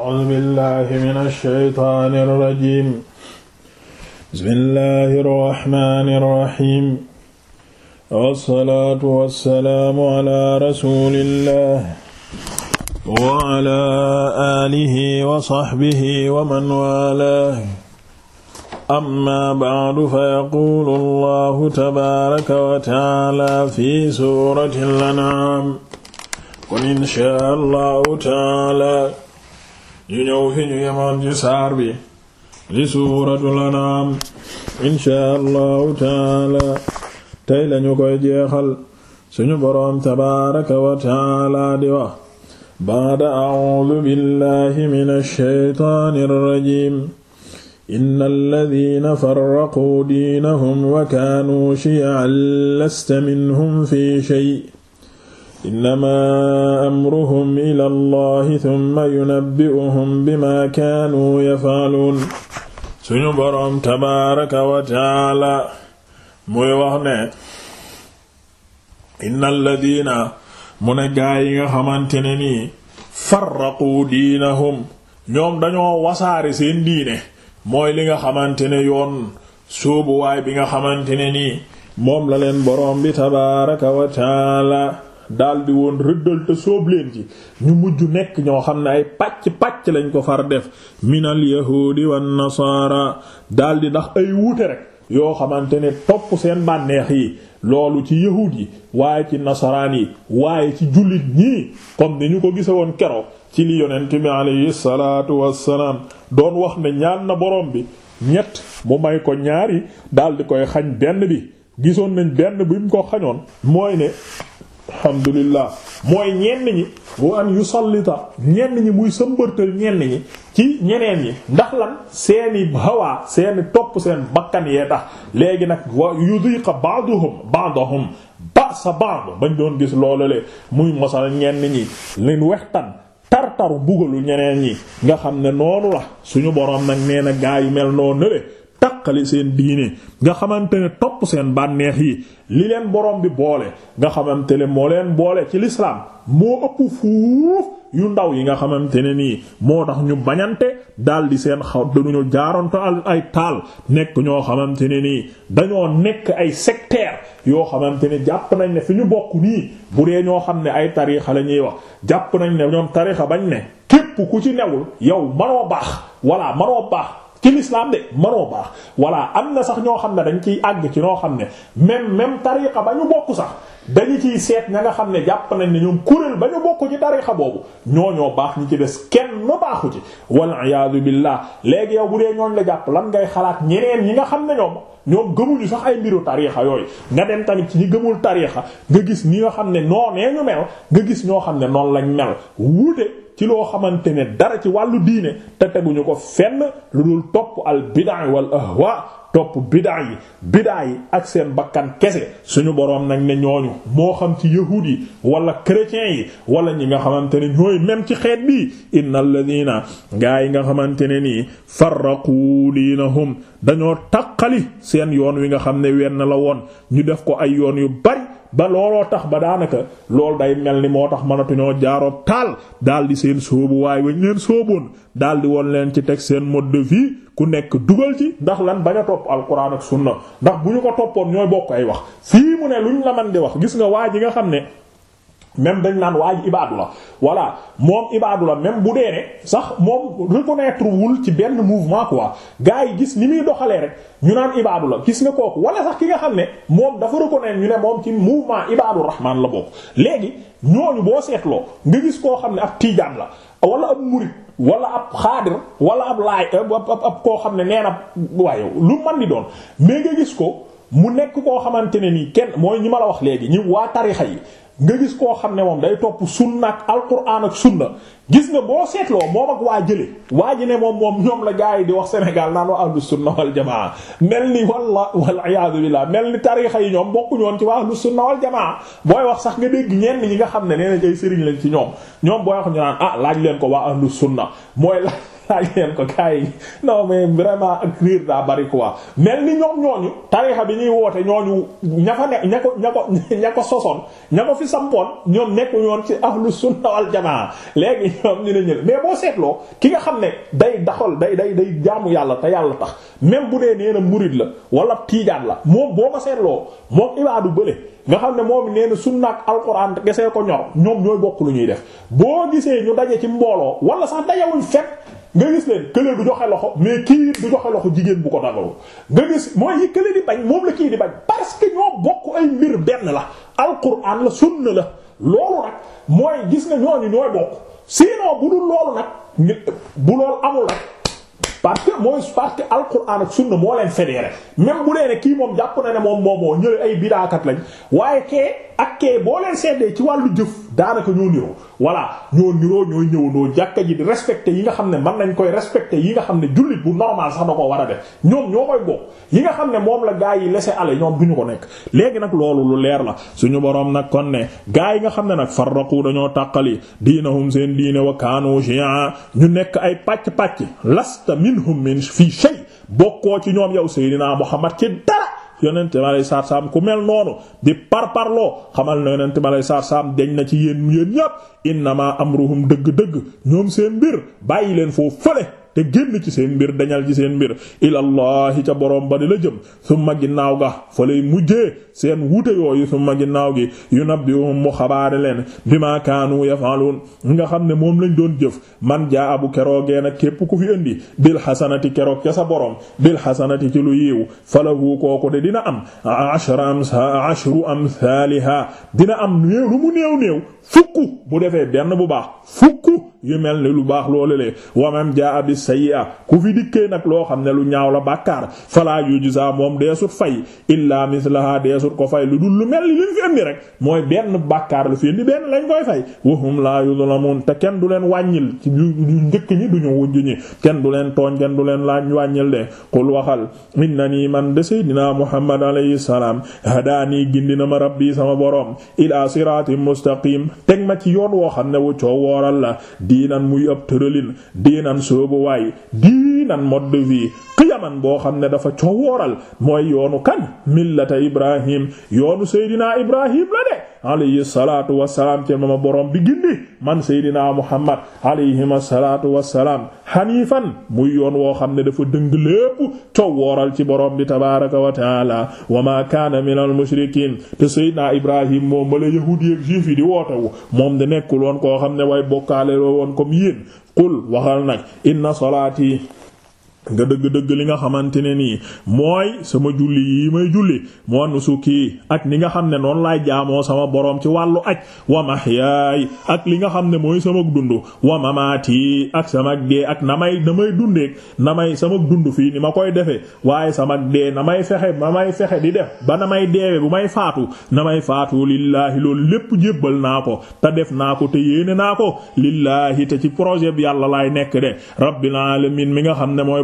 أعوذ بالله من الشيطان الرجيم بسم الله الرحمن الرحيم والصلاة والسلام على رسول الله وعلى آله وصحبه ومن والاه أما بعد فيقول الله تبارك وتعالى في سورة الأنعام قل إن شاء الله تعالى ñu ñëw fi ñu yemoon ci saar bi li suuratul anaam inshaa allahu taala tey lañu koy jeexal suñu boroom tabaaraka wa taala di wax baada a'uudu billahi minash shaytaanir rajiim innal ladhiina farraquu diinahum wa kaanuu shiya'a lasta minhum fii shay' innama amruhum ila allahi thumma yunabbi'uhum tabaaraka wa muy wax ne inna alladina mu ne yi nga xamante ne nii farraqu diinahum ñoom dañoo wasaare seen diine mooy li nga xamante ne yoon sóobuwaay bi nga xamante moom la leen bi tabaaraka wa daldi woon rëddal te sóob leen ci ñu mujj nekk ñoo xam ne ay pàcc pàcc lañ ko far def minal yahuudi wan nasaara daldi ndax ay wuute rekk yoo xamante ne topp seen bànneex yi loolu ci yahuud yi waaye ci nasaraan yi waaye ci jullit ñii comme ni ñu ko gise woon kero ci li yonent bi alayhi salaatu wassalaam doon wax ne ñaar na borom bi ñett mu may ko ñaari daldi koy xañ benn bi gisoon nañ benn bi ko xañoon mooy ne alhamdulillah mooy ñenn ñi wa an yusallita ñenn ñi muy sëmbërtal ñenn ñi ci ñeneen ñi ndax lan seeni hawaa seeni topp seen bakkan yee tax léegi nag yu yudiqa ba'duhum ba'dahum sa ba'd bañ doon gis loolu le muy mosal ñenn ñi leen wextan tartaru bugalu ñeneen ñi nga xam ne noonu la suñu borom nag nee na gaa yu mel noo le tàqale seen diine nga xamante ne topp seen bànneex yi li leen borom bi boole nga xamante ne moo leen boole ci lislaam moo ëpp fuuf yu ndaw yi nga xamante ne nii moo tax ñu bañante daldi seen xaw dañu jaaronto ay taal nekk ñoo xamante ne nii dañoo nekk ay sectaire yoo xamante ne jàpp nañ ne fi ñu bokk nii bu dee ñoo xam ne ay tariixa la ñuy wax jàpp nañ ne ñoom tariixa bañ ne képp ku ci newul yow manoo baax walla manoo baax ci l'islam de manoo baax voilà am na sax ñoo xam ne dañ ciy àgg ci ñoo xam ne même même tariqa ba ñu bokk sax dañu ciy seet ña nga xam ne jàpp nañ ne ñoom kuréel ba ñu bokk ci tariqa boobu ñoo ñoo baax ñi ci des kenn nu ci wal iyaadu billah léegi yow bu dee ñooñ la jàpp lan ngay xalaat ñeneen ñi nga xam ne ñoom ñoom gëmuñu sax ay mbiru tarixa yooyu nga dem tamit ci ñi gëmul tarixa nga gis ñi nga xam ne noonee ñu mel nga gis ñoo xam ne noonu lañ mel wuute ci loo xamante ne dara ci wàllu diine te teguñu ko fenn lu dul topp al bidaa wal ahwa topp bidaa yi bidaa yi ak seen bakkan kese suñu boroom nag ne ñooñu moo xam ci yahuud yi wala chrétiens yi wala ñi nga xamante ne ñooy même ci xeet bii innal ladina gaa yi nga xamante ne nii farraqu diinahum dañoo taqali seen yoon wi nga xam ne wenn la woon ñu def ko ay yoon yu bari ba looloo tax ba daanaka loolu day mel ni moo tax mënatuñoo jaaroo taal daal di seen sóobu waaye wañ leen sóoboon daal di woon leen ci teg seen mode de ku nekk dugal ci ndax lan bañ a topp alquran ak sunna ndax bu ñu ko toppoon ñooy bokk ay wax fii mu ne luñ la man di wax gis nga waa ji nga xam ne même dañ naan waa ji ibaadu la voilà moom ibaadu la même bu dee ne sax moom reconnaître wul ci benn mouvement quoi gars yi gis ni muy doxalee rek ñu naan ibaadu la gis nga kooku wala sax ki nga xam ne moom dafa reconnaître ñu ne moom ci mouvement ibaadu rahmaan la ko léegi ñooñu boo seetloo nga gis koo xam ne ab tiijaan la wala ab murid wala ab xaadir wala ab laay ab ab koo xam ne nee na waaye lu man di doon mais nga gis ko. mu nekk koo xamante ne nii kenn mooy ñi ma la wax léegi ñi waa yi nga gis koo xam ne moom day topp sunna ak alquran ak sunna gis nga boo seetloo moom ak waa jële waa ji ne moom moom ñoom la gars yi di wax Sénégal naan waa ahlu sunna wal jamaa mel ni walla wal iyaadu billah mel ni tarixa yi ñoom bokku ci waa ahlu sunna wal jamaa booy wax sax nga dégg ñenn ñi nga xam ne nee nañ ay sëriñ lañ ci ñoom ñoom booy wax ñu naan ah laaj leen ko waa ahlu sunna mooy laaj laaj leen ko gars yi non mais vraiment ak riir daa bari quoi mel ni ñoom ñooñu tarixa bi ñuy woote ñooñu ña fa ne ña ña ko ña ña ko fi sampoon ñoom nekku ñoon ci ahlu sunna wal jamaa léegi ñoom ñu ne ñël mais boo seetloo ki nga xam ne day daxal day day day jaamu yàlla te yàlla tax même bu dee nee na la wala tiijaan la moom boo ko seetloo moom ibaadu bële nga xam ne moom nee na sunna ak alxuraan gesee ko ñor ñoom ñooy bokk lu ñuy def boo gisee ñu daje ci mbooloo wala sax dajewuñ fekk nga gis leen kële du joxe loxo mais kii du joxe loxo jigéen bu ko nangalu nga gis mooy yi kële di bañ moom la kii di bañ parce que ñoo bokk ay mbir benn la alquran la sunna la loolu nag mooy gis nga ñooñu ñooy bokk sinon bu dul loolu nag bu loolu amul nag parce que mooy parce que alquran ak sunna moo leen fédéré même bu dee ne kii moom jàpp na ne moom moomoo ñële ay bidaakat lañ waaye kee ak kee boo leen seddee ci wàllu jëf daanaka ñoo niroo voilà ñoo niroo ñooy ñëwandoo jàkka ji di respecté yi nga xam ne man nañ koy respecté yi nga xam ne jullit bu normal sax da ko war a def ñoom ñoo koy bokk yi nga xam ne moom la gaa yi laisser aller ñoom duñu ko nekk léegi nag loolu lu leer la suñu boroom nag kon ne gaa yi nga xam ne nag farraqu dañoo tàqali diinahum seen diine wa kaanu shi'a ñu nekk ay pàcc-pàcc lasta minhum min fii shay bokkoo ci ñoom yow dinaa Muhammad ci dara yonent ma saar saam ku mel noonu di par parloo xamal na yonent ma lay saar saam deñ na ci yéen yéen ñépp innama amruhum dëgg-dëgg ñoom seen mbir bàyyi leen foofu fële te génn ci seen mbir dañal ci seen mbir ilallahi ca boroom ba di la jëm summa ginnaaw ga fa lay mujjee seen wute yooyu summa ginnaaw gi yunabbiuhum mu xabaare leen bima kaanu yafalun nga xam ne moom lañ doon jëf man jaa abu keroogee nag képp ku fi indi bil xasanati keroog ca sa borom bil xasanati ci lu yiw falahu kooku de dina am ashra am ashru amthaliha dina am néew lu mu néew néew fukk bu defee benn bu baax fukk yu mel ni lu baax loolu le wamam jaa bi sayyi'a ku fi dikkee nag loo xam ne lu ñaaw la bàkkaar fala yujza moom deesut fay illa mislaha deesut ko fay lu dul lu mel ni li fi rek mooy benn bàkkaar lu fi indi benn lañ koy fay wahum la yuzlamun te kenn du leen wàññil ci du njëkk ñi duñu wujj ñi kenn du leen tooñ kenn du leen lañ wàññil de qul waxal innani man de sayyidina muhammad alayhi salaam hadaani na ma rabbi sama borom ila siratin mustaqim teg ma ci yoon woo xam ne wu coow wooral la diinan muy ab tëralin diinan soobu waay diinan mode de vie qiyaman boo xam ne dafa coowooral mooy yoonu kan millata Ibrahim yoonu Seydina Ibrahim la de alayhi salaatu wassalaam ci ma borom bi gindi man seydinaa muhammad alayhima salaatu wassalaam xaniifan muy yoon woo xam ne dafa dëng lépp coow ci borom bi tabaaraka wa taala wa maa kaana minal mushrikiin te seydinaa ibrahim moom mala yahuudi ak juif yi di wootewu moom de nekkul woon koo xam ne way bokkaale loo woon comme yéen qul waxal nag inna salaati nga dëgg-dëgg li nga xamante ne nii mooy sama julli yi may julli moo nusuki ak ni nga xam ne noonu laay jaamoo sama boroom ci wàllu ak wa max mahyaay ak li nga xam ne mooy sama dund wa mamaati ak sama dee ak na may na may dundeek na may sama dund fii ni ma koy defee waaye sama dee na may fexe na may fexe di def ba na may deewe bu may faatu na may faatu lillaahi loolu lépp jébbal naa ko te def naa ko te yéene naa ko lillaahi te ci projet yàlla laay nekk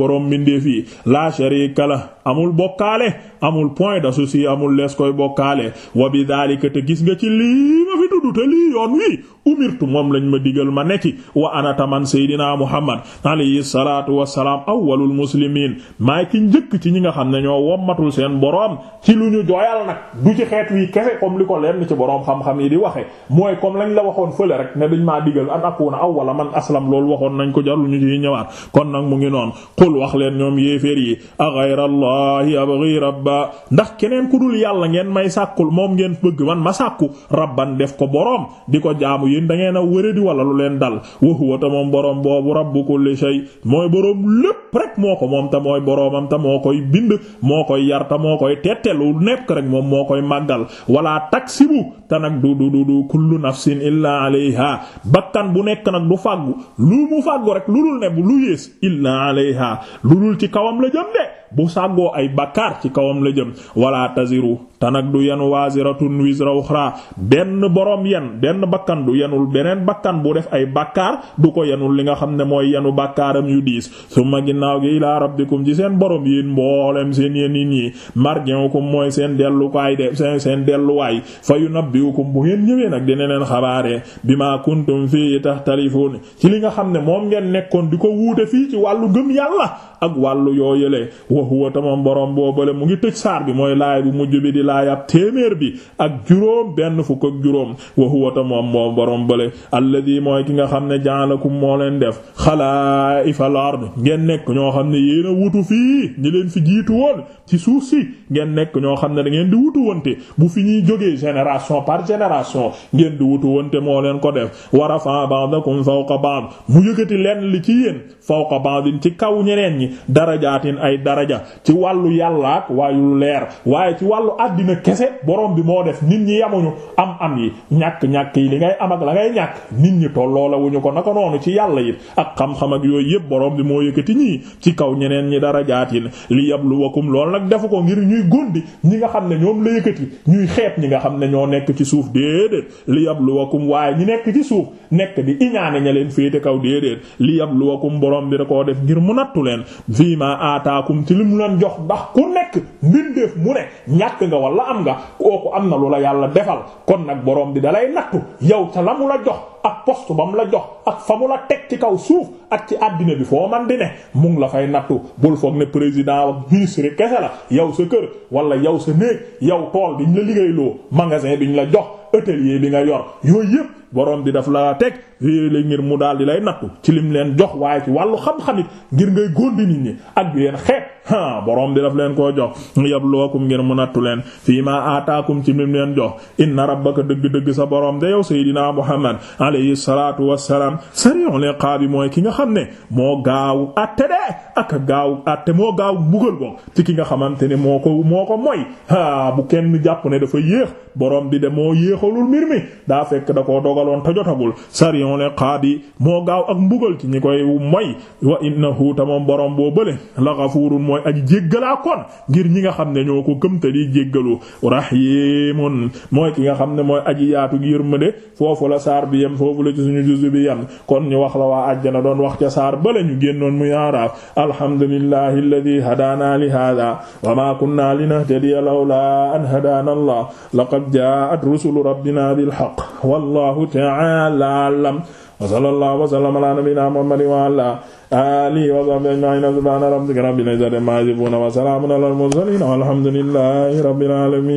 borom mbindeef yi la sharika la amul bokkaale amul point d'associé amul lees koy bokkaale wa bi daalika te gis nga ci lii ma fi tudd te lii yoon wi umirtu moom lañ ma digal ma nekki wa anata man seydina muhammad alayhi salaatu wassalaam awwalul muslimiin maay ki njëkk ci ñi nga xam ne ñoo wommatul seen boroom ci lu ñu jooyal nag du ci xeet wi kese comme li ko leen ci boroom xam-xam yi di waxe mooy comme lañ la waxoon fële rek ne dañ maa digal an akuna awwala man aslam loolu waxoon nañ ko jarul mu ngi noonu qul wax leen ñoom yéeféer yi a ghayrallahi abghi rabba ndax keneen ku dul yàlla ngeen may sàkkul moom ngeen bëgg man ma sàkku rabban def ko boroom di ko jaamu yéen da ngeen a wéradi wala lu leen dal wa huwa ta moom boroom boobu rabbu kulli shay mooy boroom lépp rek moo ko moom ta mooy boroomam ta moo koy bind moo koy yar ta moo koy tette lu nekk rek moom moo koy màggal wala taksibu ta nag du du du kullu nafsin illa alayha bakkan bu nekk nag du fàggu bu lu lu dul ci kawam la jëm de bu sàggoo ay bakkaar ci kawam la jëm wala taziru te nag du yenu waziratun wizra uxra benn boroom yen benn bakkan du yenul beneen bakkan bu def ay bàkkaar du ko yenul li nga xam ne mooy yenu bàkkaaram yu diis summa ginnaaw gi ilaa rabbikum ci seen borom yéen mboolem seen yéen nit ñi marji'ukum mooy seen dellukaay seen delluwaay fa yunabbi'ukum bu ngeen ñëwee nag dina leen xabaare bima kuntum fii taxtalifuun ci li nga xam ne moom ngeen nekkoon di ko wuute fii ci wàllu gëm yàlla ak wàllu yoo yëlee wa tamam borom boobale mu ngi tëj saar bi mooy laay bu mujj bi di laayab téeméer bi ak juróom benn fukk ak juróom wa huwa ta moom moom borom bële alladi mooy ki nga xam ne ja'alakum moo leen def xalaa'ifal ard ngeen nekk ñoo xam ne yéen a wutu fii ñi leen fi jiitu woon ci suuf si ngeen nekk ñoo xam ne da ngeen di wutu wonte bu fi ñuy jógee génération par génération ngeen di wutu wonte moo leen ko def wa rafa'a ba'dakum fawqa ba'd mu yëkkati leen li ci yéen fawqa ba'din ci kaw ñeneen ñi darajaatin ay daraja ci wàllu yàlla ak ci wàllu àddina kese borom bi moo def nit ñi yamuñu am am yi ñàkk-ñàkk yi li ngay am ak la ngay ñàkk nit ñi tolloo la wuñu ko naka noonu ci yàlla yi ak xam-xam ak yooyu yëpp borom bi moo yëkkati ñii ci kaw ñeneen ñi dara jaatin li yabluwakum lool nag defu ko ngir ñuy gundi ñi nga xam ne ñoom la yëkkati ñuy xeet ñi nga xam ne ñoo nekk ci suuf déedéet li yabluwakum waaye ñi nekk ci suuf nekk di iñaane ña leen féete kaw déedéet li yabluwakum borom bi da koo def ngir mu nattu leen fii ma aataakum ci li mu leen jox ndax ku nekk mbindeef mu ne ñàkk nga wala am nga kooku am na lu la yàlla defal kon nag borom bi dalay nattu yow ca la mu la jox ak poste ba mu la jox ak fa mu la teg ci kaw suuf ak ci àddina bi foo man di ne mu ngi la fay nattu bul foog ne président ak ministre kese la yow sa kër wala yow sa néeg yow tool ñu la liggéeyloo magasin bi ñu la jox atelier bi nga yor yooyu yëpp boroom di daf la teg la ngir mu daal di lay nattu ci lim leen jox waaye ci wàllu xam-xamit ngir ngay góondi nit ñi ak bi leen xeet ah borom bi daf leen koo jox yabluwakum ngir mu nattu leen fii ma aataakum ci lim leen jox inna rabbaka dëgg-dëgg sa borom de yow sayidina Muhammad alayhi salaatu wassalaam sari'ul iqaab mooy ki nga xam ne moo gaaw àtte de ak gaaw àtte moo gaaw mbugal boo ci ki nga xamante ne moo ko moo ko moy haa bu kenn jàpp ne dafa yéex borom bi de moo yéexalul mbir mi daa fekk da ko dogaloon te jotagul sari'ul iqaab moo gaaw ak mbugal ci ñi koy moy wa innahu tamam borom boo bële la ghafuurun mooy aji jéggalaa kon ngir ñi nga xam ne ñoo ko gëm te di jéggalu rahiimun mooy ki nga xam ne mooy aji yaatu foofu la ci suñu juzu bi yam kon ñu wax la waa àjjana doon wax ca saar bala ñu génnoon muy araaf alhamdulillahi alladhi hadaana li hada wa ma kunna linahtadiya lawla an hadaana allah laqad jaa'at rusulu rabbina bil haqq wallahu ta'ala a'lam wa sallallahu wa sallama ala nabiyyina muhammadin wa ala alihi wa sahbihi ajma'in subhana rabbika rabbil izzati amma yasifun wa salamun alal mursalin walhamdulillahi rabbil alamin